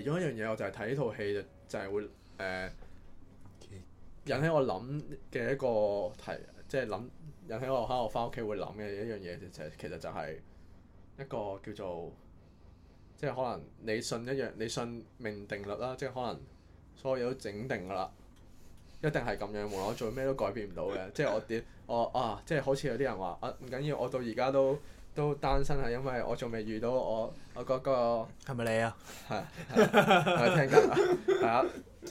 其中一樣嘢，我就係睇呢套戲就就係、係會、呃、引起我諗嘅一個題，即係諗引起我喺我返屋企會諗嘅一樣嘢就係其實就係一個叫做即係可能你信一樣，你信命定律啦，即係可能所有嘢都整定噶啦，一定係咁樣，無論我做咩都改變唔到嘅。 即係我點我啊，即係好似有啲人話啊唔緊要，我到而家都。都單身係因為我仲未遇到我我嗰、嗰個係咪你啊？係係聽緊係啊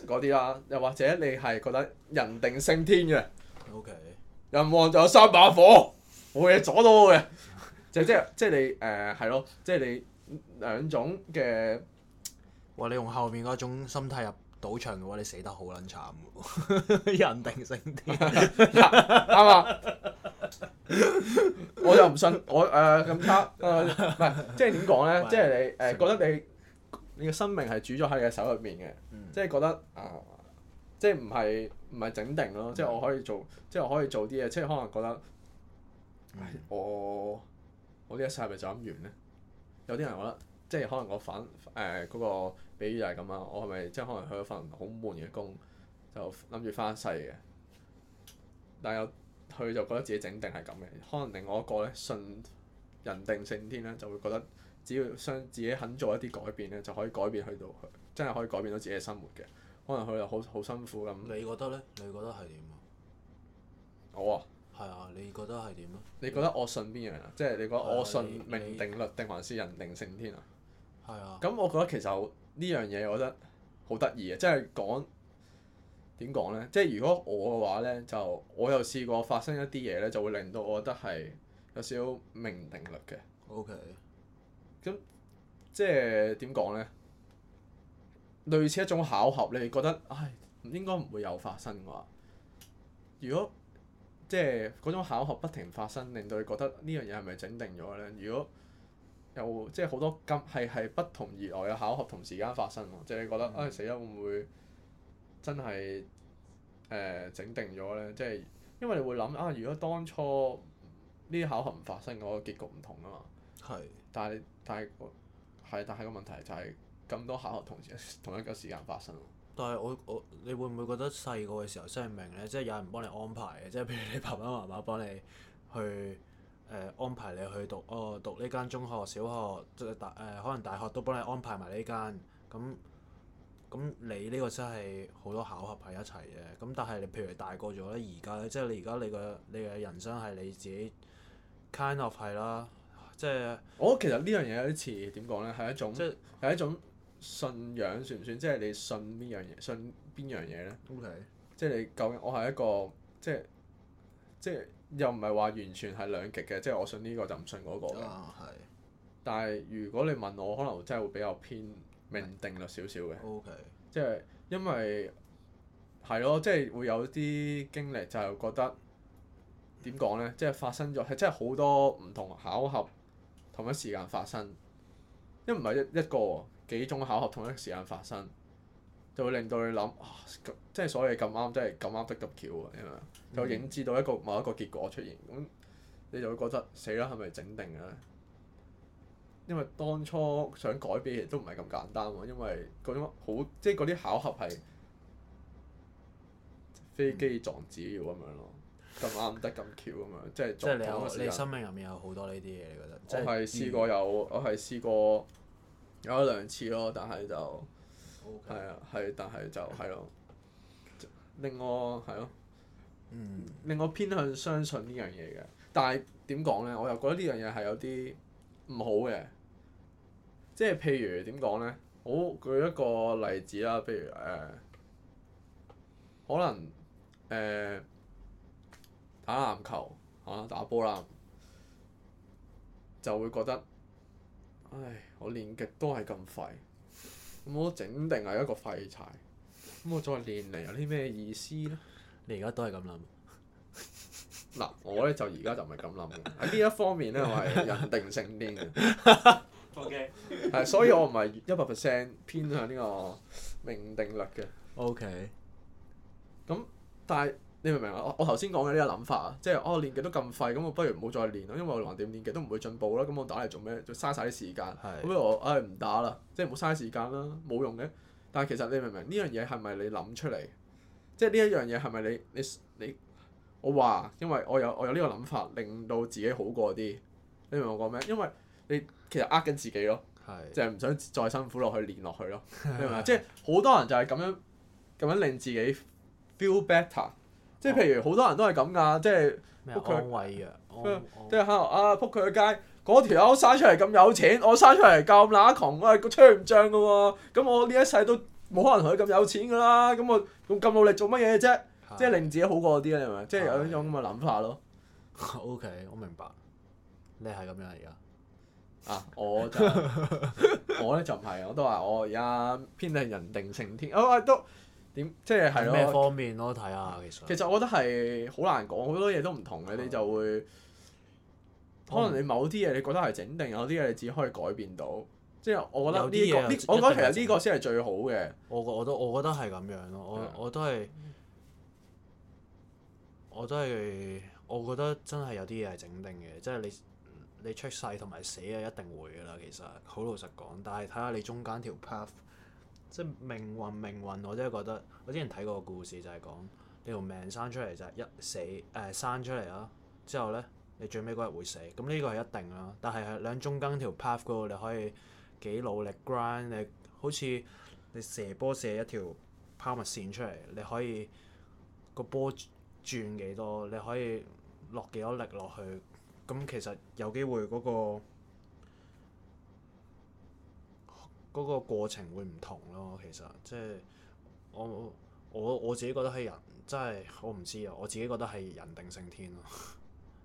嗰啲啦，又或者你係覺得人定勝天嘅？OK，人旺就有三把火，冇嘢阻到我嘅，就即係即係你誒係咯，即、呃、係、就係、你兩種嘅話，你用後面嗰種心態入賭場嘅話，你死得好撚慘，人定勝天啱啊。 我又唔信我誒咁差誒，唔係即係點講咧？即係 你誒、呃、 覺得你你嘅生命係主咗喺你嘅手入面嘅、嗯呃，即係覺得啊，即係唔係唔係整定咯？嗯、即係我可以做，即係我可以做啲嘢，即係可，可能覺得，嗯、我我是是呢一世係咪就咁完咧？有啲人覺得，即係可能我反誒嗰、呃嗰個比喻就係咁啊！我係咪即係可能去咗份好悶嘅工，就諗住翻一世嘅？但又。但佢就覺得自己整定係咁嘅，可能另外一個咧信人定勝天咧，就會覺得只要想自己肯做一啲改變咧，就可以改變去到佢真係可以改變到自己嘅生活嘅。可能佢又好好辛苦咁。你覺得咧？你覺得係點啊？我啊，係啊！你覺得係點啊？你覺得我信邊樣啊？即係你覺得我信命定律定還是人定勝天啊？係啊。咁我覺得其實呢樣嘢，這個、我覺得好得意啊！即係講。點講咧？即係如果我嘅話咧，就我又試過發生一啲嘢咧，就會令到我覺得係有少少命定論嘅。O Okay . K。咁即係點講咧？類似一種巧合，你覺得唉應該唔會有發生啩？如果即係嗰種巧合不停發生，令到你覺得呢樣嘢係咪整定咗咧？如果又即係好多今係係不同而來嘅巧合同時間發生喎，即係你覺得唉、嗯哎、死咗會唔會？真係誒、呃、整定咗咧，即係因為你會諗啊，如果當初呢啲考核唔發生，嗰、那個結局唔同啊嘛。係的。但係但係個但係個問題就係、是、咁多考核同時同一個時間發生。但係我我你會唔會覺得細個嘅時候真係明咧？即係有人幫你安排嘅，即係譬如你爸爸媽媽幫你去誒、呃、安排你去讀哦，讀呢間中學、小學、即大誒、呃、可能大學都幫你安排埋呢間咁。咁你呢個真係好多巧合喺一齊嘅，咁但係你譬如大個咗咧，而家咧，即係你而家你嘅你嘅人生係你自己 kind of 係啦、啊，即係我覺得其實呢樣嘢有啲似點講咧，係一種即係一種信仰算唔算？即係你信邊樣嘢？信邊樣嘢咧？O.K. 即係你究竟我係一個即係即係又唔係話完全係兩極嘅，即係我信呢個就唔信嗰個、啊、但係如果你問我，可能真係會比較偏。命定率少少嘅 Okay.，即係因為係咯，即係會有啲經歷就係覺得點講咧？即係發生咗係真係好多唔同巧合同一時間發生，因為唔係一一個幾種巧合同一時間發生，就會令到你諗即係所謂咁啱，即係咁啱得咁巧啊！咁樣、嗯、就會影知道一個某一個結果出現，咁你就會覺得死啦，係咪整定嘅？因為當初想改變其實都唔係咁簡單喎、啊，因為嗰種好即係嗰啲巧合係飛機撞紙鷂咁樣咯，咁啱得咁巧咁樣，嗯、即係撞你生命入面有好多呢啲嘢，你覺得？我係試過有，嗯、我係試過有一兩次咯，但係就係 okay, 啊，係，但係就係咯。令我、啊，係咯，啊、嗯，令我偏向相信呢樣嘢嘅，但係點講咧？我又覺得呢樣嘢係有啲唔好嘅。即係譬如點講咧？好，舉一個例子啦，譬如誒、呃，可能誒、呃、打籃球啊，打波啦，就會覺得唉，我練極都係咁廢，我整定係一個廢柴，咁我再練嚟有啲咩意思咧？你而家都係咁諗？嗱、 啊，我咧就而家就唔係咁諗。喺呢一方面咧，我係認定性啲嘅。 O Okay. 所以我唔係一百 percent 偏向呢個命定律嘅。O K，咁但係你明唔明啊？我我頭先講嘅呢個諗法啊，即係我練極都咁廢，咁、嗯、我不如冇再練啦，因為我橫掂練極都唔會進步啦，咁、嗯、我打嚟做咩？就嘥晒啲時間。咁是我唉唔、哎、打啦，即係冇嘥時間啦，冇用嘅。但係其實你明唔明呢樣嘢係咪你諗出嚟？即係呢一樣嘢係咪你你你我話，因為我有我有呢個諗法，令到自己好過啲。你明我講咩？因為你其實呃緊自己咯，就係唔想再辛苦落去練落去咯，明唔明啊？即係好多人就係咁樣咁樣令自己 feel better，即係譬如好多人都係咁噶，即係撲佢個位啊，即係喺度啊！撲佢個街，嗰條友生出嚟咁有錢，我生出嚟咁乸窮，我係個吹唔漲噶喎。咁我呢一世都冇可能同佢咁有錢噶啦。咁我咁努力做乜嘢啫？即係令自己好過啲咧，你明唔明？即係有呢種咁嘅諗法咯。O K，我明白，你係咁樣而家。啊！我就 我咧就唔係，我都話我而家偏向人定勝天。哦、啊、哦，都點即係係咯？咩方面咯？睇下其實其實我覺得係好難講，好多嘢都唔同嘅，嗯、你就會可能你某啲嘢你覺得係整定，有啲嘢你只可以改變到。即係我覺得呢、呢個我覺得其實呢個先係最好嘅。我我我我覺得係咁樣咯，我我都係我都係，我覺得真係有啲嘢係整定嘅，即係你。你出世同埋死啊，一定會噶啦，其實好老實講。但係睇下你中間條 path，即係命運命運，我真係覺得我之前睇過個故事就係講你條命生出嚟就係一死，誒、呃、生出嚟啊！之後咧你最尾嗰日會死，咁、嗯、呢、這個係一定啦。但係喺兩中間條 path 嗰度你可以幾努力 ground，你好似你射波射一條拋物線出嚟，你可以個波轉幾多，你可以落幾多力落去。咁其實有機會嗰個嗰個過程會唔同咯，其實即係我我我自己覺得係人，即係我唔知啊，我自己覺得係人，人定勝天咯，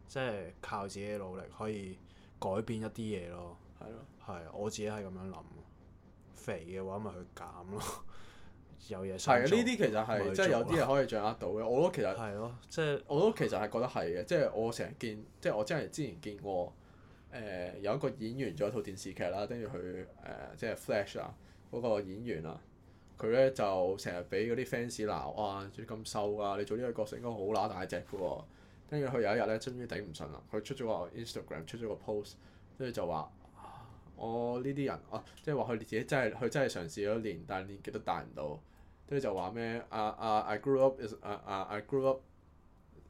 即係靠自己努力可以改變一啲嘢咯。係咯係嘅，係我自己係咁樣諗，肥嘅話咪去減咯。有嘢係啊！呢啲其實係即係有啲人可以掌握到嘅。我，哦就是、我覺得其實係咯，即係我都其實係覺得係嘅。即係我成日見，即係我真係之前見過誒、呃、有一個演員做一套電視劇啦，跟住佢誒即係 flash 啊，嗰、那個演員啊，佢咧就成日俾嗰啲 fans 鬧啊，仲要咁瘦啊，你做呢個角色應該好乸大隻嘅喎、啊。跟住佢有一日咧，終於頂唔順啦，佢出咗個 Instagram 出咗個 post，跟住就話。我呢啲人啊，即係話佢自己真係佢真係嘗試咗練，但係練極都大唔到，跟住就話咩啊啊，I grew up is 啊、uh, 啊、uh,，I grew up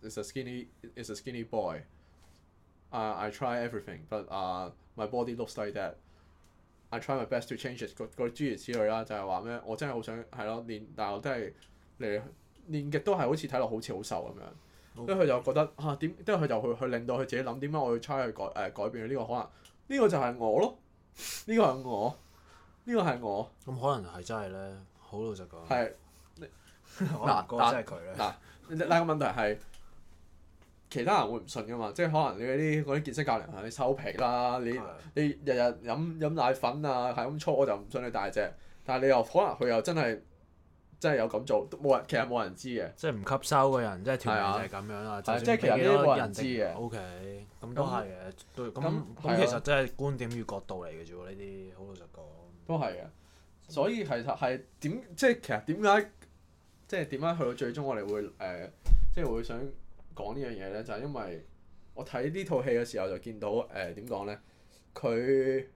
is a skinny is a skinny boy、uh,。啊，I try everything but 啊、uh,，my body looks like that。I try my best to change it，個個諸如此類啦、啊，就係話咩，我真係好想係咯練，但係我真都係嚟練極都係好似睇落好似好瘦咁樣。跟住佢就覺得啊，點？跟住佢就去去令到佢自己諗點解我要 try 去改誒、呃、改變呢個可能？呢、呢個就係我咯。呢個係我，呢、這個係我。咁可能係真係咧，好老實講。係，嗱嗱個問題係，其他人會唔信㗎嘛？即係可能你嗰啲嗰啲健身教練，你收皮啦，你 你，你日日飲飲奶粉啊，係咁粗，我就唔信你大隻。但係你又可能佢又真係。真係有咁做，都冇人，其實冇人知嘅。即係唔吸收嘅人，即係條件係咁樣啦。即係的其實呢冇人知嘅。O、okay, K，都係嘅。那都咁咁那其實真係觀點與角度嚟嘅啫喎，呢啲好老實講。都係嘅，所以其實係點？即係其實點解即係點解去到最終我哋會誒、呃，即係會想講呢樣嘢咧？就係、是、因為我睇呢套戲嘅時候就見到誒點講咧，佢、呃。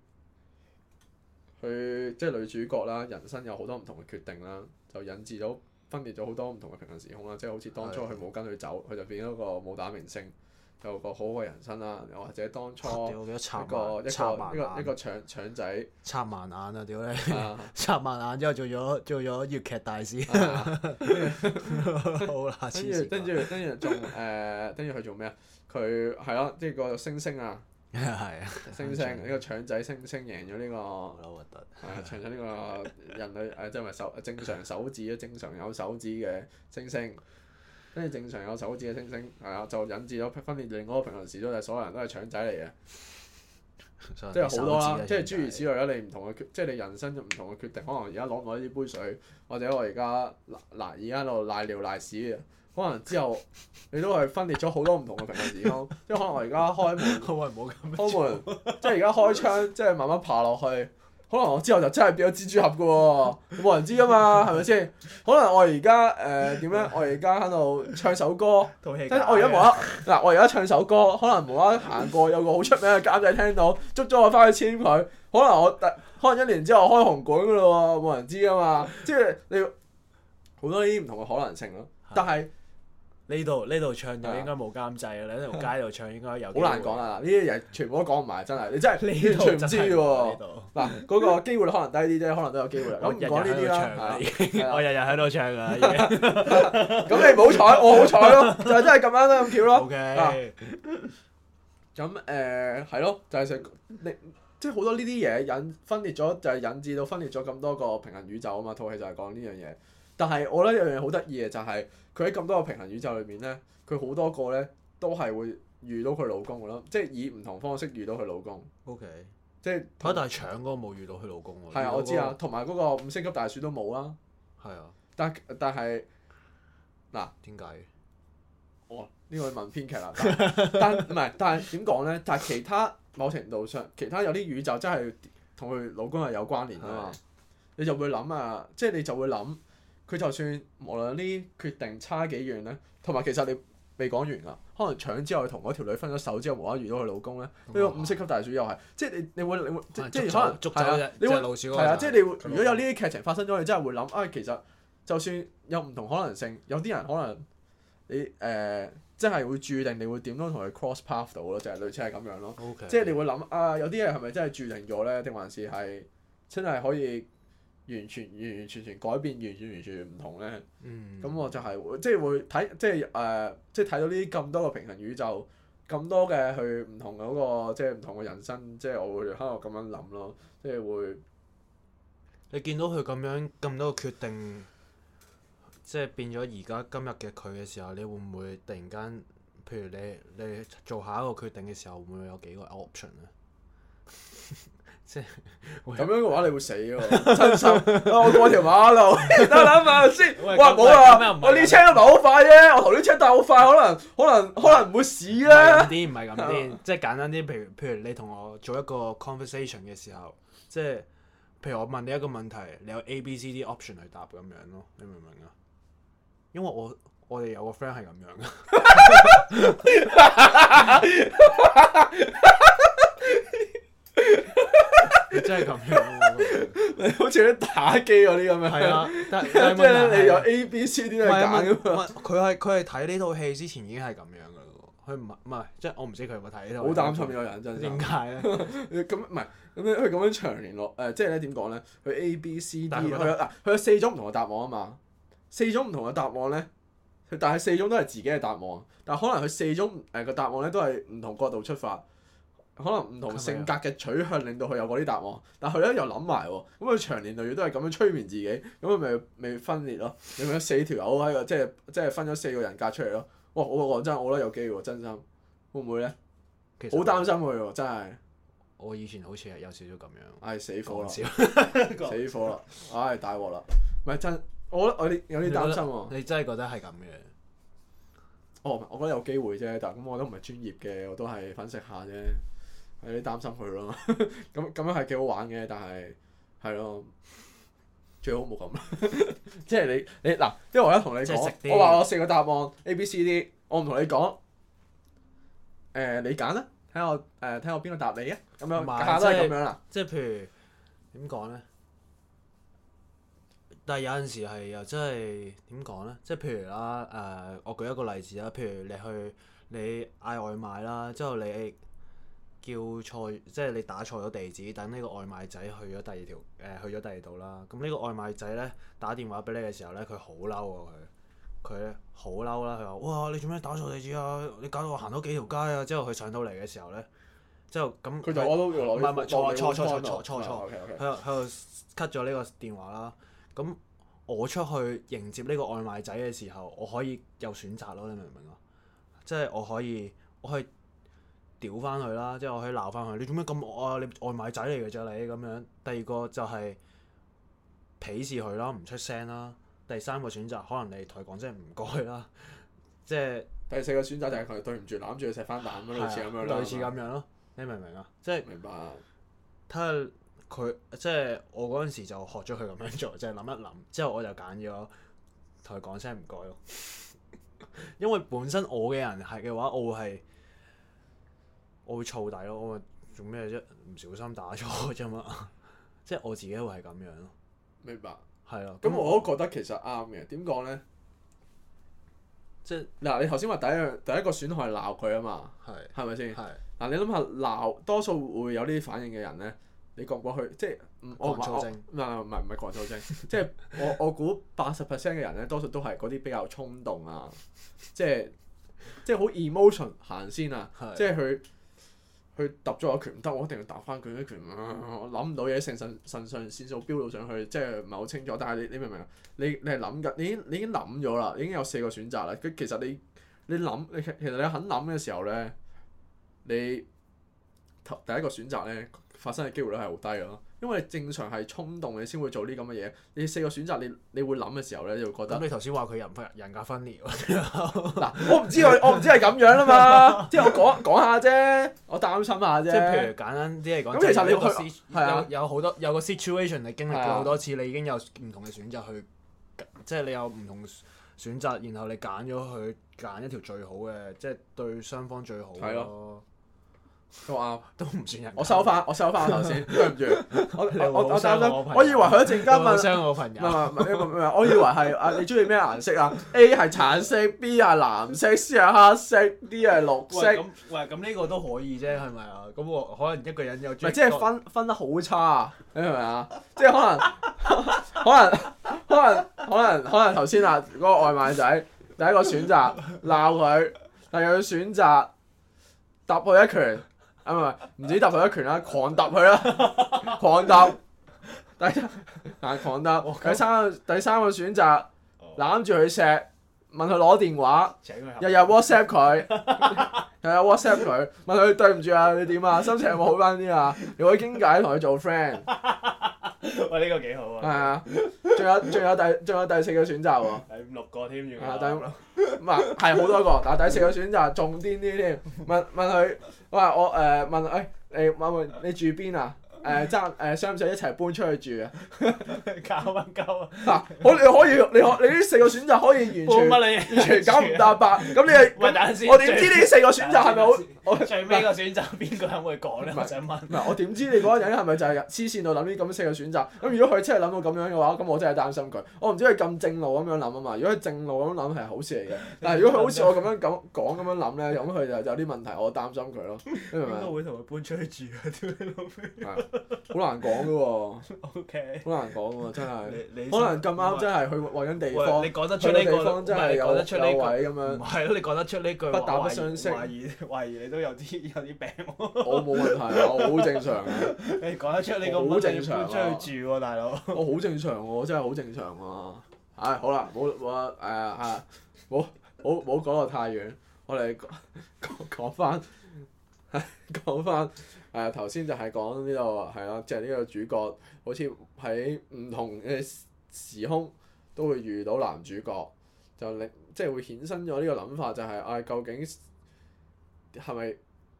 佢即係女主角啦，人生有好多唔同嘅決定啦，就引致咗分裂咗好多唔同嘅平行時空啦。即係好似當初佢冇跟佢走，佢的就變咗個武打明星，有個好嘅人生啦。又或者當初一個、啊、一個一個一個腸腸仔，插盲眼啊！屌你、啊，插盲、啊、 盲眼之後做咗做咗粵劇大師。跟住跟住跟住仲誒，跟住佢做咩啊？佢係咯，即係個星星啊！ 係啊，猩猩呢個腸仔猩猩贏咗呢個，好啊，長咗呢個人類誒，即係唔係手正常，手指正常，有手指嘅猩猩。跟住正常有手指嘅猩猩，係啊，就引致咗分裂另外平行時鐘，就係所有人都係腸仔嚟嘅，即係好多啦，即係諸如此類啦。你唔同嘅決，即係你人生唔同嘅決定，可能而家攞唔攞呢杯水，或者我而家嗱，而家喺度瀨尿瀨屎嘅。可能之後你都係分裂咗好多唔同嘅平行時空，即係可能我而家開門， 開門 即係而家開窗，即係慢慢爬落去。可能我之後就真係變咗蜘蛛俠嘅喎，冇人知噶嘛，係咪先？可能我而家誒點咧？我而家喺度唱首歌， 氣架 即係我而家無啦嗱， 我而家唱首歌，可能無啦行過有個好出名嘅監製聽到，捉咗我返去簽佢。可能我可能一年之後開紅館嘅咯，冇人知噶嘛，即係你要好多呢啲唔同嘅可能性咯。但係。呢度呢度唱就應該冇監製啦，呢度街度唱應該有。好難講啊！呢啲嘢全部都講唔埋，真係你真係完全唔知喎。嗱，嗰個機會可能低啲啫，可能都有機會。我日日喺度唱啦，已經。我日日喺度唱啦，已經。咁你唔好彩，我好彩咯，就真係咁啱都咁巧咯。咁誒係咯，就係成你即係好多呢啲嘢引分裂咗，就係引致到分裂咗咁多個平行宇宙啊嘛！套戲就係講呢樣嘢。但係我覺得有樣嘢好得意嘅就係佢喺咁多個平行宇宙裏面咧，佢好多個咧都係會遇到佢老公嘅咯，即係以唔同方式遇到佢老公。O Okay . K，即係跟嚇，但係搶嗰個冇遇到佢老公喎。係啊，我知啊，同埋嗰個五星級大廚都冇啊。係啊，啊但但係嗱，點解嘅？我呢、哦呢個要問編劇啦。但唔係， 但係點講咧？但係其他某程度上，其他有啲宇宙真係同佢老公係有關聯啊嘛。的你就會諗啊，即係你就會諗。佢就算無論呢決定差幾遠咧，同埋其實你未講完啦。可能搶之後同嗰條女分咗手之後，無啦啦遇到佢老公咧，呢個五色級大廚又係，即係你你會你會走即係可能係啊，即係你會你如果有呢啲劇情發生咗，你真係會諗啊、哎，其實就算有唔同可能性，嗯、有啲人可能你誒，即、呃、係會註定你會點都同佢 cross path 到咯，就係類似係咁樣咯。即係 Okay. 你會諗啊，有啲嘢係咪真係註定咗咧，定還是係真係可以完全完完全全改變，完全完全唔同咧。咁，嗯，我就係即係會睇，即係誒，即係睇到呢啲咁多個平行宇宙，咁多嘅去唔同嗰個，即係唔同嘅人生，即係我會喺度咁樣諗咯，即係會。你見到佢咁樣咁多個決定，即係變咗而家今日嘅佢嘅時候，你會唔會突然間，譬如你你做下一個決定嘅時候，會唔會有幾個 option 咧？即係咁樣嘅話你會死嘅，真心。我過條馬路，等我諗下先。哇，冇啊！我呢車都唔係好快啫，我同呢車鬥好快，可能可能可能唔會死啦。啲唔係咁啲，即係簡單啲。譬如譬如你同我做一個 conversation 嘅時候，即係譬如我問你一個問題，你有 A、B、C、D option 去答咁樣咯，你明唔明啊？因為我我哋有個 friend 係咁樣嘅。 你真係咁樣， 樣，你好似啲打機嗰啲咁樣。係啊，即係咧， 你有 A、B、C、D 都係假嘅嘛？佢係佢係睇呢套戲之前已經係咁樣嘅喎，佢唔唔係，即係我唔知佢有冇睇呢套戲。好擔心有人真係。點解咧？咁唔係咁咧？佢咁樣長年落誒，即係咧點講咧？佢 A、B、C、D 佢有嗱，佢有四種唔同嘅答案啊嘛，四種唔同嘅答案咧，但係四種都係自己嘅答案，但係可能佢四種誒個答案咧都係唔同角度出發。可能唔同性格嘅取向令到佢有嗰啲答案，嗯、但佢咧又諗埋喎，咁佢、嗯、長年累月都係咁樣催眠自己，咁佢咪咪分裂咯？ 你咪有四條友喺度，即係即係分咗四個人格出嚟咯？哇！我講真，我覺得有機會，真心會唔會咧？好擔心佢喎，真係。我以前好似係有少少咁樣。唉、哎！死火啦！死火啦！唉、 哎！大鑊啦！咪真，我覺得我有啲有啲擔心喎。你， 你真係覺得係咁嘅？哦，我覺得有機會啫，但係咁我都唔係專業嘅，我都係分析下啫。係啲擔心佢咯， 咁咁樣係幾好玩嘅，但係係咯，最好冇咁 即係你你嗱，因為、啊、係我咧同你講，我話我四個答案 A、B、C、D，我唔同你講，誒、呃、你揀啦，睇我誒睇、呃、我邊個答你是啊，咁樣咪下下啦，咁樣啦。即係譬如點講咧？但係有陣時係又真係點講咧？即係譬如啦，誒、呃、我舉一個例子啦，譬如你去你嗌外賣啦，之後你。叫錯，即係你打錯咗地址，等呢個外賣仔去咗第二條，誒去咗第二度啦。咁呢個外賣仔咧打電話俾你嘅時候咧，佢好嬲啊。佢，佢好嬲啦。佢話：哇，你做咩打錯地址啊？你搞到我行多幾條街啊！之後佢上到嚟嘅時候咧，之後咁佢就攞到，唔係唔係錯錯錯錯錯錯，喺度喺度 cut 咗呢個電話啦。咁我出去迎接呢個外賣仔嘅時候，我可以有選擇咯，你明唔明啊？即係我可以，我可以。屌翻佢啦！即係我可以鬧翻佢，你做咩咁惡啊？你外賣仔嚟嘅啫，你咁樣。第二個就係鄙視佢啦，唔出聲啦。第三個選擇可能你同佢講聲唔該啦。即係、就是、第四個選擇就係佢，對唔住攬住佢錫翻蛋咁類似咁樣咯。類似咁樣咯、啊吧，你明唔、就是、明啊？即係明白。睇下佢即係我嗰陣時就學咗佢咁樣做，即係諗一諗之後我就揀咗同佢講聲唔該咯。因為本身我嘅人係嘅話，我會係。我會燥底咯，我咪做咩啫？唔小心打錯啫嘛，即係我自己會係咁樣咯。明白？係咯，咁我都覺得其實啱嘅。點講咧？即係嗱，你頭先話第一樣第一個選項係鬧佢啊嘛，係係咪先？嗱，你諗下鬧多數會有呢啲反應嘅人咧，你過過去即我唔過躁症啊？唔係唔係過躁症，即係我我估八十 percent 嘅人咧，多數都係嗰啲比較衝動啊，即係即係好 emotion 行先啊，即係佢。佢揼咗我拳唔得，我一定要揼翻佢一拳，啊。我諗唔到嘢，成身腎上腺素飆到上去，即係唔係好清楚？但係你你明唔明啊？你你係諗緊，你你已經諗咗啦，已經，已經有四個選擇啦。佢其實你你諗，其實你肯諗嘅時候咧，你頭第一個選擇咧發生嘅機會率係好低咯。因為正常係衝動你先會做啲咁嘅嘢，你四個選擇你你會諗嘅時候咧就覺得。咁你頭先話佢人分人格分裂。嗱， 我唔知佢，我唔知係咁樣啦嘛， 即係我講講下啫，我擔心下啫。即係譬如簡單啲嚟講。即其實你係有好多有個 situation 你經歷咗好多次，你已經有唔同嘅選擇去，即係你有唔同選擇，然後你揀咗去揀一條最好嘅，即係對雙方最好。咯。話都唔算人我，我收翻，我收翻我頭先對唔住，我我我我以為佢一陣間問傷我、 這個、我以為係你中意咩顏色啊？A 係橙色，B 係藍色，C 係黑色，D 係綠色。喂，咁喂，咁呢個都可以啫，係咪啊？咁我可能一個人有唔即係分分得好差， 你明唔明啊？即、就、係、是、可能可能可能可能可能頭先啊嗰個外賣仔第一個選擇鬧佢，但又要選擇揼佢一拳。唔咪咪，唔止揼佢一拳啦，狂揼佢啦，狂揼，第一，但係狂揼。佢第三個，第三個選擇，攬住佢錫，問佢攞電話，日日 WhatsApp 佢，日日 WhatsApp 佢，問佢對唔住啊，你點啊，心情有冇好翻啲啊？你可以傾偈同佢做 friend。喂，呢個幾好啊！係啊，仲有仲有第仲有第四個選擇喎，係六個添，原來係第五六咁啊，係好 多個，但係第四個選擇仲癲啲添。問問佢，喂，我誒、呃、問誒、哎，你問問你住邊啊？誒爭誒想唔想一齊搬出去住啊？搞乜鳩啊！嗱，我你可以你可你呢四個選擇可以完全搬乜你？完全搞唔搭八。咁你係喂等先。我點知呢四個選擇係咪好？我最尾個選擇邊個人去講咧？我想問。嗱，我點知你嗰個人係咪就係黐線到諗呢咁四個選擇？咁如果佢真係諗到咁樣嘅話，咁我真係擔心佢。我唔知佢咁正路咁樣諗啊嘛。如果佢正路咁諗係好事嚟嘅。但係如果佢好似我咁樣講講咁樣諗咧，咁佢就有啲問題，我擔心佢咯。你明唔明啊？會同佢搬出去住啊！好難講噶喎，OK，好難講喎，真係，可能咁啱真係去揾緊地方，你講得出呢，這個地方真係有啲受惠咁樣，唔係咯？你講得出呢句不打不相識，懷疑，懷疑，懷，疑，懷，疑，懷，疑懷疑你都有啲有啲病，啊我有啊。我冇問題，我好正常嘅。你講得出呢個好正常，出去住大佬。我好正常喎，真係好正常啊！唉，好啦，冇冇誒誒，冇冇冇講得太遠，我哋講講翻，講翻。係啊，頭先就係講呢個係啦，即係呢個主角好似喺唔同嘅時空都會遇到男主角，就你即係會衍生咗呢個諗法、就係，就係唉，究竟係咪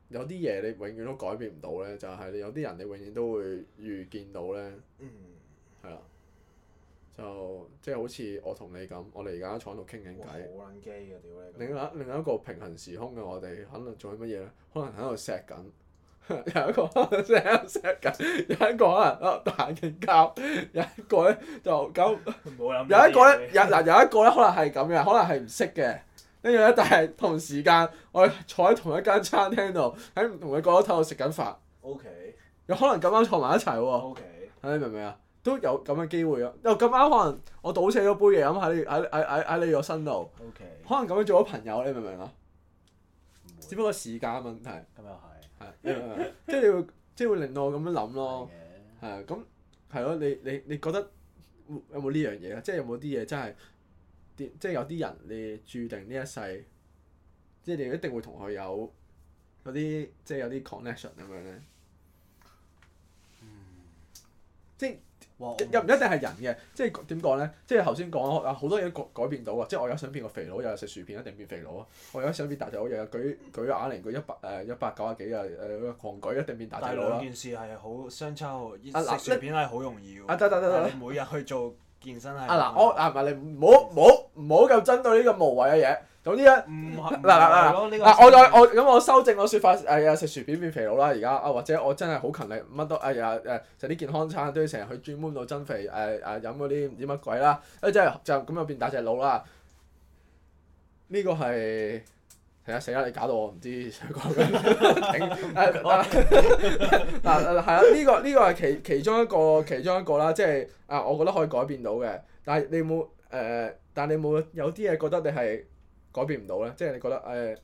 有啲嘢你永遠都改變唔到咧？就係、係、有啲人你永遠都會遇見到咧。嗯，係啊，就即係好似我同你咁，我哋而家坐喺度傾緊偈。好撚機啊！屌，另外另一個平行時空嘅我哋，可能做緊乜嘢咧？可能喺度錫緊。 有一個可能喺度錫緊， 有一個可能喺度打緊交， 有一個咧就咁，有一個咧有嗱有一個咧可能係咁嘅，可能係唔識嘅。跟住咧，但係同時間我坐喺同一間餐廳度，喺唔同嘅角落度食緊飯。O K。有可能咁啱坐埋一齊喎。O Okay . K。你明唔明啊？都有咁嘅機會咯。又咁啱 Okay. 可能我倒瀉咗杯嘢咁喺你喺喺喺你個身度。O K。可能咁樣做咗朋友，你明唔明啊？不會只不過時間問題。咁又係。係， 即你會，即係會令到我咁樣諗咯。係啊的，咁係咯，你你你覺得有冇呢樣嘢啊？即係有冇啲嘢真係即係有啲人你註定呢一世，即係你一定會同佢有嗰啲，即係有啲 connection 咁樣咧。嗯，即係。又唔一定係人嘅，即係點講咧？即係頭先講好多嘢改改變到啊！即係我而家想變個肥佬，日日食薯片一定變肥佬啊！我而家想變大隻佬，日日舉舉啞鈴，舉一百誒一百九啊幾啊誒狂舉一定變大隻啦！但係兩件事係好相差好遠，食薯片係好容易㗎。啊得得得得，每日去做健身係。啊嗱，我啊唔係你唔好唔好唔好夠針對呢個無謂嘅嘢。總呢一，唔嗱嗱嗱，嗱我再我咁，我修正我説法誒，食、呃、薯片變肥佬啦。而家啊，或者我真係好勤力，乜都誒誒食啲健康餐，都要成日去專門度增肥誒誒飲嗰啲唔知乜鬼啦。誒、啊，即係就咁就變大隻佬啦。呢個係係啊死啦！你搞到我唔知想講緊咩？誒係啊，呢個呢個係其其中一個其中一個啦。即係啊，我覺得可以改變到嘅，但係你冇誒、呃？但係你冇有啲嘢覺得你係？改變唔到咧，即係你覺得誒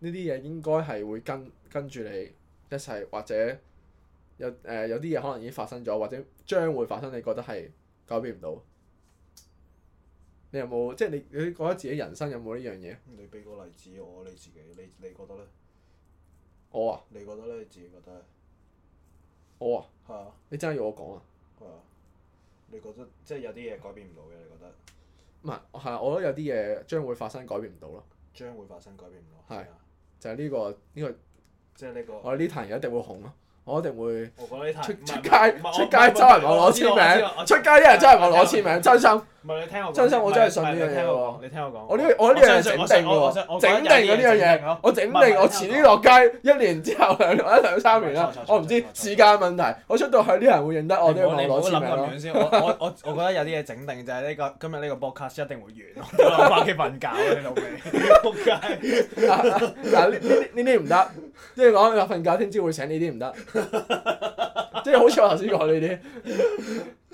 呢啲嘢應該係會跟跟住你一齊，或者有誒、呃、有啲嘢可能已經發生咗，或者將會發生。你覺得係改變唔到？你有冇即係你你覺得自己人生有冇呢樣嘢？你俾個例子我，你自己，你你覺得咧？我啊？你覺得咧？自己、啊、 覺得？我啊？係啊！你真係要我講啊？係啊！你覺得即係有啲嘢改變唔到嘅，你覺得？唔係，係啊！我覺得有啲嘢將會發生改變唔到咯。將會發生改變唔到。係，就係呢個呢個，即係呢個。個我覺得呢壇人一定會紅咯。我一定會出出街出街周圍我攞簽名，出街啲人周圍我攞簽名，真心真心我真係信呢樣嘢，你聽我講，我呢我呢樣整定嘅喎，整定咗呢樣嘢，我整定我遲啲落街，一年之後兩或者兩三年啦，我唔知時間問題。我出到去，啲人會認得我都要攞簽名咯。我我我覺得有啲嘢整定，就係呢個今日呢個播卡一定會完。我喺屋企瞓覺，你老味仆街。嗱呢呢呢啲唔得，即係講你話瞓覺，聽朝會醒呢啲唔得。 即係好似我頭先講呢啲，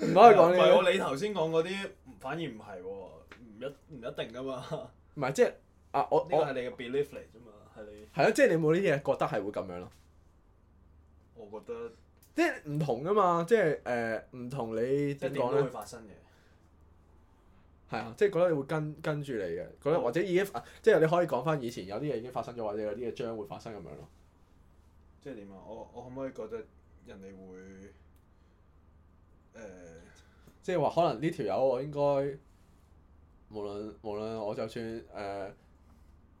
唔 可以講呢啲。唔係我你頭先講嗰啲，反而唔係喎，唔一唔一定噶嘛。唔係即係啊，我呢個係你嘅 belief 嚟啫嘛，係你係啊，即係你冇呢啲嘢覺得係會咁樣咯。我覺得即係唔同噶嘛，即係誒，唔同你點講咧？係啊，即係覺得你會跟跟住你嘅，覺得或者已經即係你可以講翻以前有啲嘢已經發生咗，或者有啲嘢將會發生咁樣咯。即係點啊？我我可唔可以覺得人哋會誒？即係話可能呢條友我應該無論無論我就算誒、呃，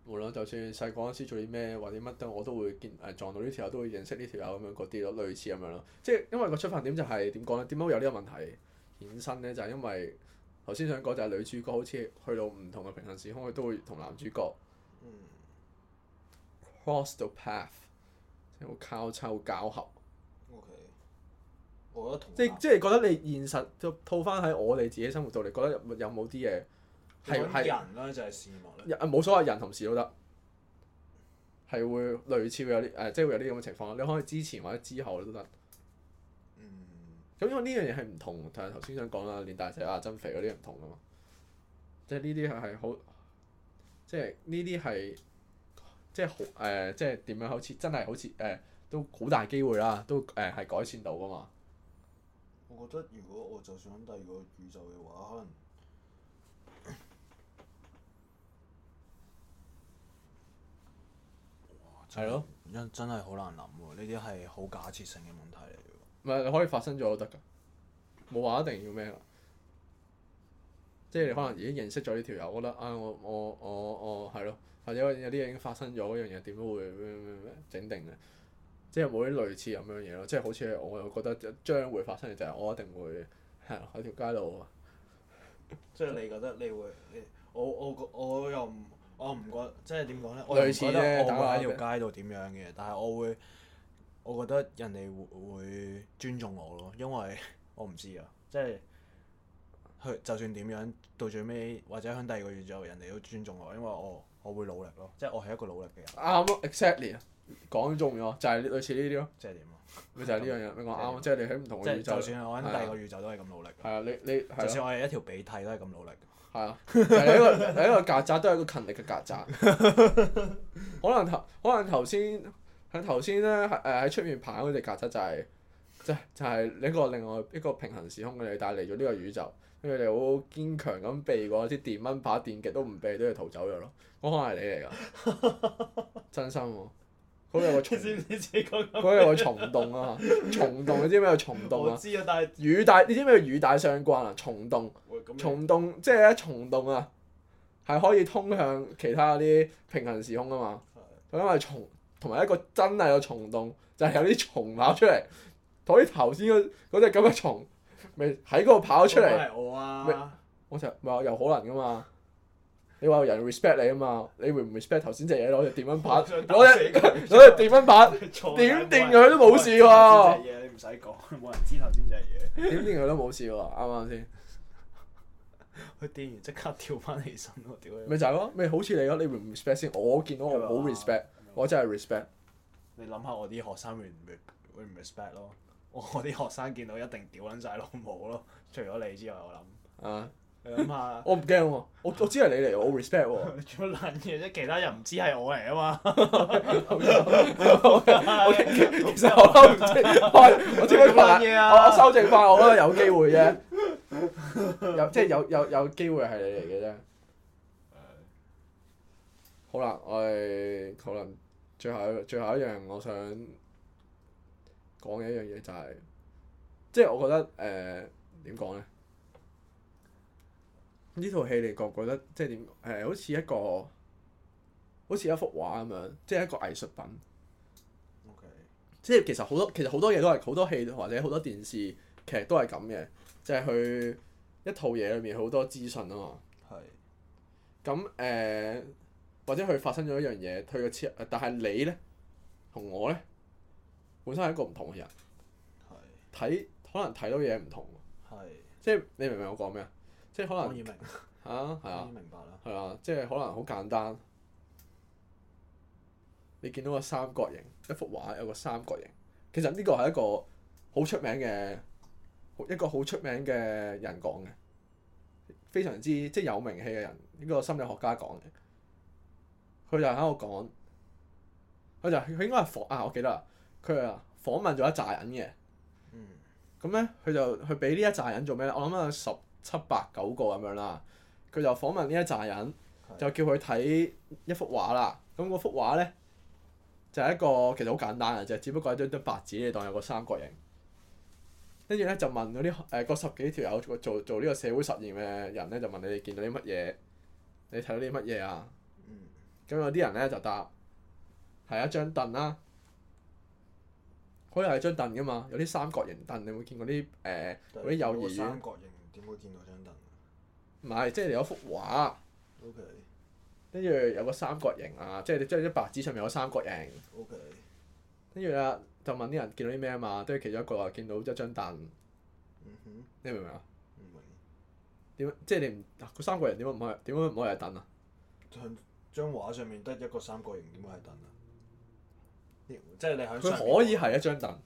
無論就算細個嗰陣時做啲咩或者乜都，我都會見誒、啊、撞到呢條友，都會認識呢條友咁樣嗰啲咯，類似咁樣咯。即係因為個出發點就係點講咧？點解會有呢個問題衍生咧？就係、是、因為頭先想講就係女主角好似去到唔同嘅平行時空，佢都會同男主角、嗯、cross the path。有靠湊交合，O、okay, K，我覺得同即即係覺得你現實就套翻喺我哋自己生活度，你覺得有冇啲嘢係係人啦，就係、事、事物。覺咧，冇所謂人同事都得，係會類似會有啲誒，即係會有啲咁嘅情況你可以之前或者之後都得，嗯，咁因為呢樣嘢係唔同，睇頭先想講啦，練大隻啊、增肥嗰啲唔同噶嘛，即係呢啲係係好，即係呢啲係。即係好誒，即係點樣？好似真係好似誒，都好大機會啦，都誒係、呃、改善到㗎嘛。我覺得如果我就算喺第二個宇宙嘅話，可能係咯，真 真係好難諗喎。呢啲係好假設性嘅問題嚟嘅，唔係，你可以發生咗都得㗎，冇話一定要咩㗎。即係你可能已經認識咗呢條友，我覺得啊，我我我我係咯。或者有啲嘢已經發生咗，嗰樣嘢點解會咩咩咩整定嘅？即係冇啲類似咁樣嘢咯，即係好似我又覺得將會發生嘅就係、是、我一定會係喺條街度。即係你覺得你會，你我我我又唔，我唔覺得，即係點講咧？類似嘅，我，我會喺條街度點樣嘅，但係我會，我覺得人哋會，會尊重我咯，因為我唔知啊，即係去就算點樣，到最尾或者喺第二個月之後，人哋都尊重我，因為我。我會努力咯，即係我係一個努力嘅人。啱，exactly，講中咗，就係類似呢啲咯。即係點啊？咪就係呢樣嘢，你講啱。即係你喺唔同嘅宇宙，就算我喺第二個宇宙都係咁努力。係啊，你你，就算我係一條鼻涕都係咁努力。係啊，係一個係一個曱甴，都係一個勤力嘅曱甴。可能頭可能頭先喺頭先咧，誒喺出面爬嗰隻曱甴就係就就係呢個另外一個平行時空嘅你帶嚟咗呢個宇宙，跟住你好好堅強咁避過啲電蚊拍電擊都唔避，都係逃走咗咯。可能係你嚟㗎， 真心喎，啊。佢有個蟲，佢有個蟲洞啊！蟲洞你知唔知咩叫蟲洞啊？我知啊，但係，雨帶，你知唔知咩叫雨帶相關啊？蟲洞，蟲洞即係咧，蟲洞啊，係可以通向其他嗰啲平行時空㗎嘛。的因為蟲同埋一個真係個蟲洞，就係、是、有啲蟲跑出嚟。好似頭先嗰嗰隻咁嘅蟲，咪喺嗰度跑出嚟，啊。我我成日咪話有可能㗎嘛。你話人 respect 你啊嘛？你會唔 respect 頭先隻嘢，攞隻電蚊拍，攞隻攞隻電蚊拍點電佢都冇事喎。嘢你唔使講，冇人知頭先隻嘢。點電佢都冇事喎，啱啱先？佢電完即刻跳翻起身喎，屌你！咪就係咯，咪好似你咯，你會唔 respect 先？我見到我好 respect，我真係 respect。你諗下我啲學生會唔會唔 respect 咯？我啲學生見到一定屌撚晒老母咯，除咗你之外，我諗。啊！我唔驚喎，我我知係你嚟，我 respect 喎、啊。做乜撚嘢啫？其他人唔知係我嚟啊嘛 其實我都唔知，我我知乜撚嘢啊！我我修正翻，我都有機會啫。有即係、就是、有有有機會係你嚟嘅啫。好啦，我哋可能最後最後一樣，我想講嘅一樣嘢就係、是，即、就、係、是、我覺得誒點講咧？呃呢套戲你覺唔覺得即係點？誒、呃，好似一個好似一幅畫咁樣，即係一個藝術品。O Okay . K. 即係其實好多其實好多嘢都係好多戲或者好多電視劇都係咁嘅，就係、是、佢一套嘢裏面好多資訊啊嘛。係是。咁誒、呃，或者佢發生咗一樣嘢，佢嘅設，但係你咧同我咧，本身係一個唔同嘅人。睇是可能睇到嘢唔同。是即係你明唔明我講咩啊？即係可能嚇係啊，係啊，啊，即係可能好簡單。你見到個三角形，一幅畫有個三角形，其實呢個係一個好出名嘅一個好出名嘅人講嘅，非常之即係有名氣嘅人，呢個心理學家講嘅。佢就喺度講，佢就佢應該係訪啊！我記得啦，佢啊訪問咗一紮人嘅。咁咧、嗯，佢就佢俾呢一紮人做咩咧？我諗啊十。七八九個咁樣啦，佢就訪問呢一紮人，是的 就叫佢睇一幅畫啦。咁嗰幅畫咧就係、是、一個其實好簡單嘅，就係只不過係一張張白紙，你當有個三角形。跟住咧就問嗰啲誒嗰十幾條友做做呢個社會實驗嘅人咧，就問你哋見到啲乜嘢？你睇到啲乜嘢啊？咁有啲人咧就答係一張凳啦，可能係張凳噶嘛？有啲三角形凳，你有冇見過啲誒啲幼兒園？呃對點會見到張凳？唔係，即係你有幅畫。O K。跟住有個三角形啊，即係你即係一白紙上面有個三角形。O K。跟住啊，就問啲人見到啲咩啊嘛，跟住其中一個話見到一張凳。Mm hmm. 你明唔明、mm hmm. 啊？唔明。點？即係你唔佢三角形點解唔可以？點解唔可以係凳啊？向張畫上面得一個三角形，點解係凳啊？即係你佢可以係一張凳。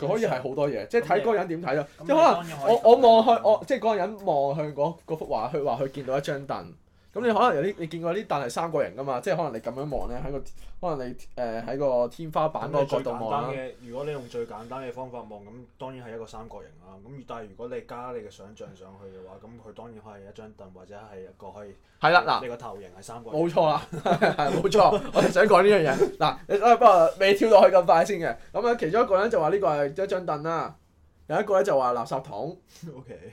佢可以係好多嘢， 即係睇嗰個人點睇咯。即係 可能我 我望向我，我，即係嗰個人望向嗰嗰幅畫，佢話佢見到一張凳。咁你可能有啲你，你見過啲凳係三角形噶嘛？即係可能你咁樣望咧，喺個可能你誒喺、呃、個天花板嗰角度望嘅，如果你用最簡單嘅方法望，咁當然係一個三角形啦。咁但係如果你加你嘅想像上去嘅話，咁佢當然係一張凳或者係一個可以。係啦，嗱。你個頭型係三角形。冇 錯啦，係冇錯。我哋想講呢樣嘢。嗱，不過未跳落去咁快先嘅。咁啊，其中一個咧就話呢個係一張凳啦，有一個咧就話垃圾桶。OK。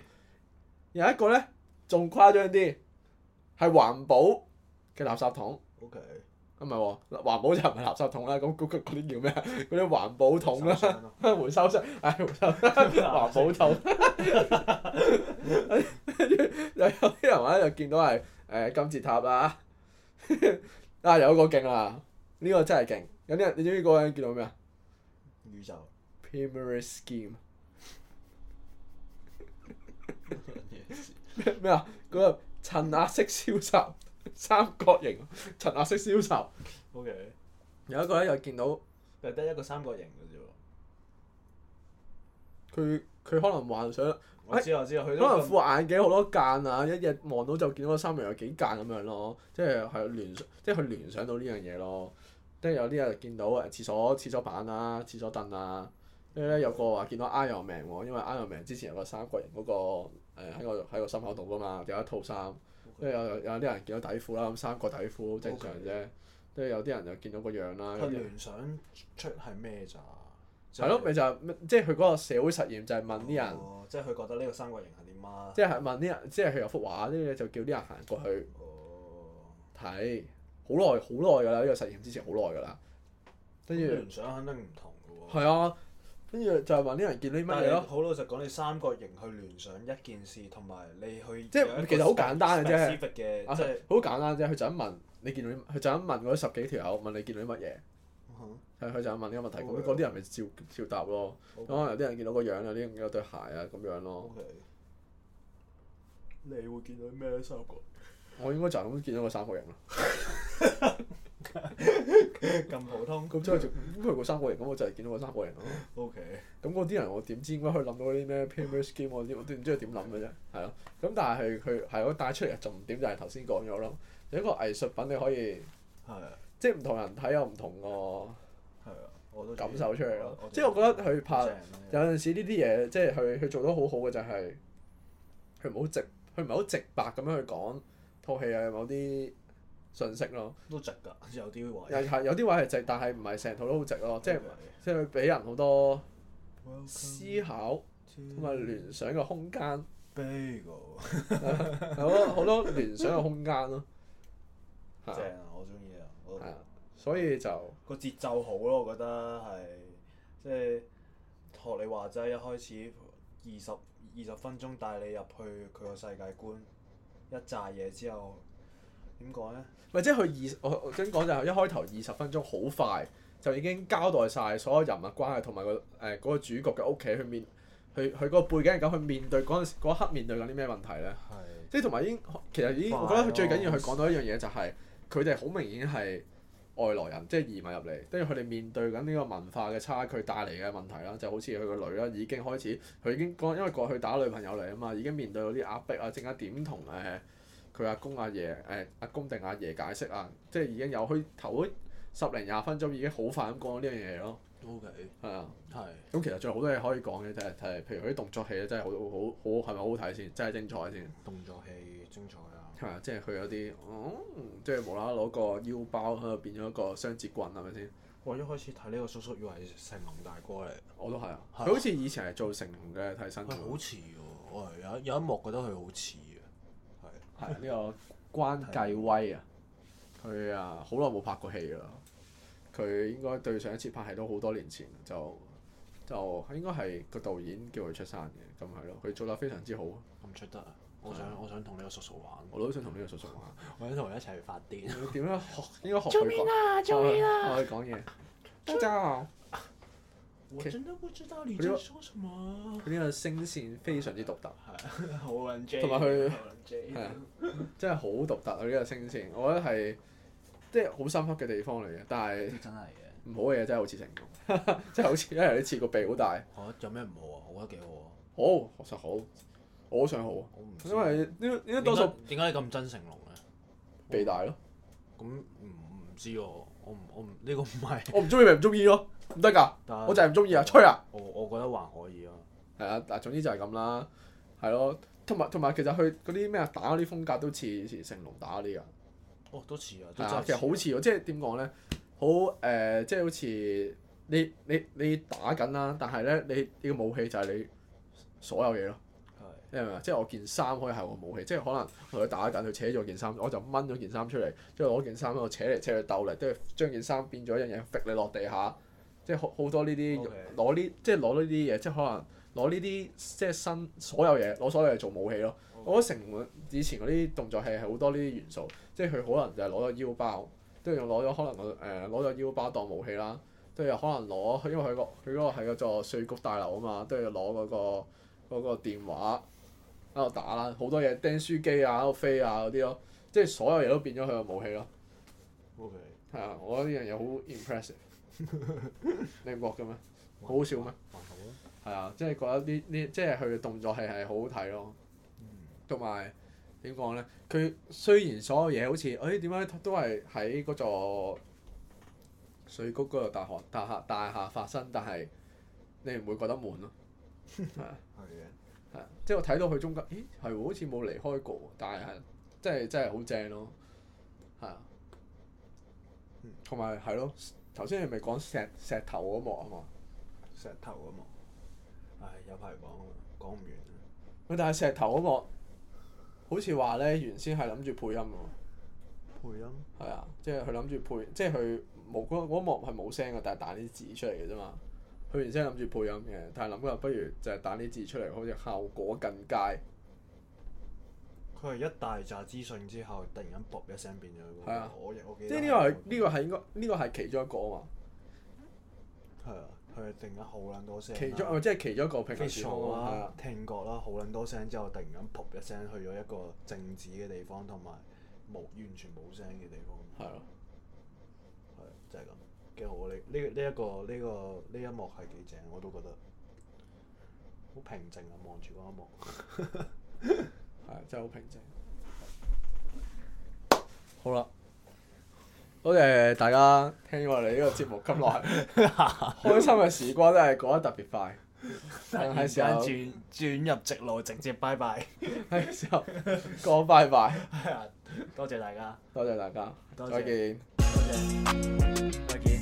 有一個咧，仲誇張啲。係環保嘅垃圾桶，OK，咁唔係喎，環保就唔係垃圾桶啦，咁嗰啲叫咩啊？嗰啲環保桶啦、啊 哎，回收箱，唉，回收箱，環保桶。跟住蠟 有有啲人咧、啊、就見到係誒金字塔啦，啊， 有一個勁啦，呢、呢個真係勁。有啲人，你知唔知嗰個人見到咩啊？宇宙。Pyramid scheme。咩 啊？嗰、嗰個。嗰個層壓式銷售三角形，層壓式銷售。OK，有一個咧又見到，又得一個三角形嘅啫喎。佢佢可能幻想，我知道、哎、我知道，佢可能副眼鏡好多間啊，一日望到就見到個三角形有幾間咁樣咯。即係係聯想，即係佢聯想到呢樣嘢咯。跟住有啲又見到誒廁所廁所板啊、廁所凳啊。跟住咧有個話見到 Ironman 喎，因為 Ironman 之前有個三角形嗰個誒喺個喺個心口度㗎嘛，有一套衫。跟住有有啲人見到底褲啦，咁三角底褲好正常啫。跟住有啲人就見到個樣啦。佢聯想出係咩咋？係咯，咪就係即係佢嗰個社會實驗就係問啲人，即係佢覺得呢個三角形係點啊？即係問啲人，即係佢有幅畫，跟住就叫啲人行過去睇，好耐好耐㗎啦！呢個實驗之前好耐㗎啦。跟住聯想肯定唔同㗎喎。係啊。跟住就係話啲人見到啲乜嘢咯。好老實講，你三角形去聯想一件事，同埋你去即係其實好簡單嘅啫。好簡單啫，佢就咁問你見到啲，佢就咁問嗰十幾條友問你見到啲乜嘢。係佢就咁問呢個問題，咁嗰啲人咪照照，照答咯。咁可能好有啲人見到個樣，有啲有對鞋啊咁樣咯。Okay. 你會見到啲咩三角？我應該就咁見到個三角形咯。 咁 普通咁即係佢個三角形，咁我就係見到個三角形咯。OK。咁嗰啲人我點知點解可以諗到啲咩 pair match game 嗰啲，我都唔知佢點諗嘅啫？係咯。 咁但係佢係我帶出嚟嘅重點就係頭先講咗咯。有一個藝術品你可以 即係唔同人睇有唔同個我都感受出嚟咯。 即係我覺得佢拍有陣時呢啲嘢，即係佢佢做得好好嘅就係佢唔好直，佢唔係好直白咁樣去講套戲啊，某啲。信息咯，都值㗎、嗯，有啲位係有啲位係值，但係唔係成套都好值咯，Okay. 即係即係佢俾人好多思考同埋聯想嘅空間，係咯，好多聯想嘅空間咯， 啊正啊，我中意啊，係啊，所以就個節奏好咯、啊，我覺得係即係學你話齋，一開始二十二十分鐘帶你入去佢個世界觀一紮嘢之後。點講咧？咪即係佢二，我我想講就係一開頭二十分鐘好快就已經交代晒所有人物關係同埋、呃嗰個誒嗰主角嘅屋企，去面佢佢嗰背景係咁，佢面對嗰陣嗰刻面對緊啲咩問題咧？是即係同埋已經其實已經，了我覺得佢最緊要佢講到一樣嘢、就係，就係佢哋好明顯係外來人，即係移民入嚟，跟住佢哋面對緊呢個文化嘅差距帶嚟嘅問題啦，就係、好似佢個女啦，已經開始佢已經因為過去打女朋友嚟啊嘛，已經面對到啲壓迫啊，陣間點同誒？佢阿公阿爺誒、欸、阿公定阿爺解釋啊，即係已經有佢頭十零廿分鐘已經好快咁講呢樣嘢咯。O Okay . K 嗎。係啊是。係。咁其實仲有好多嘢可以講嘅，睇係睇係譬如佢啲動作戲咧，真係好好好係咪好好睇先？真係精彩先。動作戲精彩啊！係啊，即係佢有啲，即係無啦啦攞個腰包喺度變咗一個雙截棍係咪先？我一開始睇呢個叔叔以為成龍大哥嚟。我都係啊，佢嗎好似以前係做成龍嘅替身。好似喎，有有一幕覺得佢好似。係呢個關繼威啊，佢啊好耐冇拍過戲啦。佢應該對上一次拍戲都好多年前，就就應該係個導演叫佢出山嘅，咁係咯。佢做得非常之好，咁出得。我想對我想同呢個叔叔玩，我都想同呢個叔叔玩。 我想同佢一齊去發電。點樣呢學？應該學佢講。我哋講嘢。我真都不知道你哋講什麼。佢呢個聲線非常之獨特，係。同埋佢係真係好獨特啊！呢個聲線，我覺得係即係好深刻嘅地方嚟嘅。但係真係嘅唔好嘅嘢真係好似成龍，即係好似啲人你似個鼻好大。嚇？有咩唔好啊？我覺得幾好啊。好，確實好，我都想好。啊！因為呢呢多數點解你咁憎成龍咧？鼻大咯。咁唔唔知喎，我唔我唔呢個唔係。我唔中意咪唔中意咯。唔得噶，我就係唔中意啊，吹啊！我我覺得還可以咯，係啊，嗱，總之就係咁啦，係咯，同埋同埋其實佢嗰啲咩啊打嗰啲風格都似以前成龍打嗰啲噶，哦，都似啊，係啊，其實好似喎，即係點講咧，好誒，即係好似你你你打緊啦，但係咧你你個武器就係你所有嘢咯，你明唔明啊？即係我件衫可以係我武器，即係可能佢打緊，佢扯咗件衫，我就掹咗件衫出嚟，之後攞件衫喺度扯嚟扯去鬥嚟，都係將件衫變咗一樣嘢，逼你落地下。即係好好多呢啲攞呢，即係攞呢啲嘢，即係可能攞呢啲即係新所有嘢攞所有嚟做武器咯。Okay. 我覺得成個以前嗰啲動作戲係好多呢啲元素，即係佢可能就係攞個腰包，跟住又攞咗可能誒攞咗腰包當武器啦，跟住又可能攞因為佢嗰個係個座稅局大樓啊嘛，跟住又攞嗰個嗰個電話喺度打啦，好多嘢釘書機啊喺度飛啊嗰啲咯，即係所有嘢都變咗佢個武器咯。係啊，我覺得呢樣嘢好 impressive。你唔覺嘅咩？好好笑咩？還係啊，即係覺得呢呢，即係佢嘅動作係係好好睇咯。同埋點講咧？佢雖然所有嘢好似誒點解都係喺嗰座水谷嗰個大學大廈大廈發生，但係你唔會覺得悶咯。係啊。係嘅。係， 即係我睇到佢中間，咦、欸、係好似冇離開過，但係即係真係好正咯。係啊。同埋係咯。 頭先你咪講石石頭嗰幕啊嘛？石頭嗰幕，幕唉，有排講啊，講唔完。佢但係石頭嗰幕，好似話咧，原先係諗住配音喎。配音。係啊，即係佢諗住配，即係佢冇嗰幕係冇聲嘅，但係彈啲字出嚟嘅啫嘛。佢原先諗住配音嘅，但係諗過不如就係彈啲字出嚟，好似效果更佳。佢係一大紮資訊之後，突然間噗一聲變咗、嗰個。係啊！我亦我記得、嗰個。即呢個係呢、呢個係應該呢、呢個係其中一個啊嘛。係啊，佢係突然間好撚多聲、啊。其中即係其中一個片段。錯啊！啊聽覺啦，好撚多聲之後，突然間噗一聲去咗一個靜止嘅地方，同埋冇完全冇聲嘅地方。係咯、啊。係、啊，就係、係、咁。幾好呢呢呢一個呢、呢個呢、呢個呢個、一幕係幾正，我都覺得好平靜啊！望住嗰一幕。 係，真係好平靜。好啦，多謝大家聽我哋呢個節目咁耐， 開心嘅時光真係過得特別快， 突然間轉轉入直路，直接拜拜。係時候講拜拜，多謝大家， 多謝大家，多謝，多謝，再見。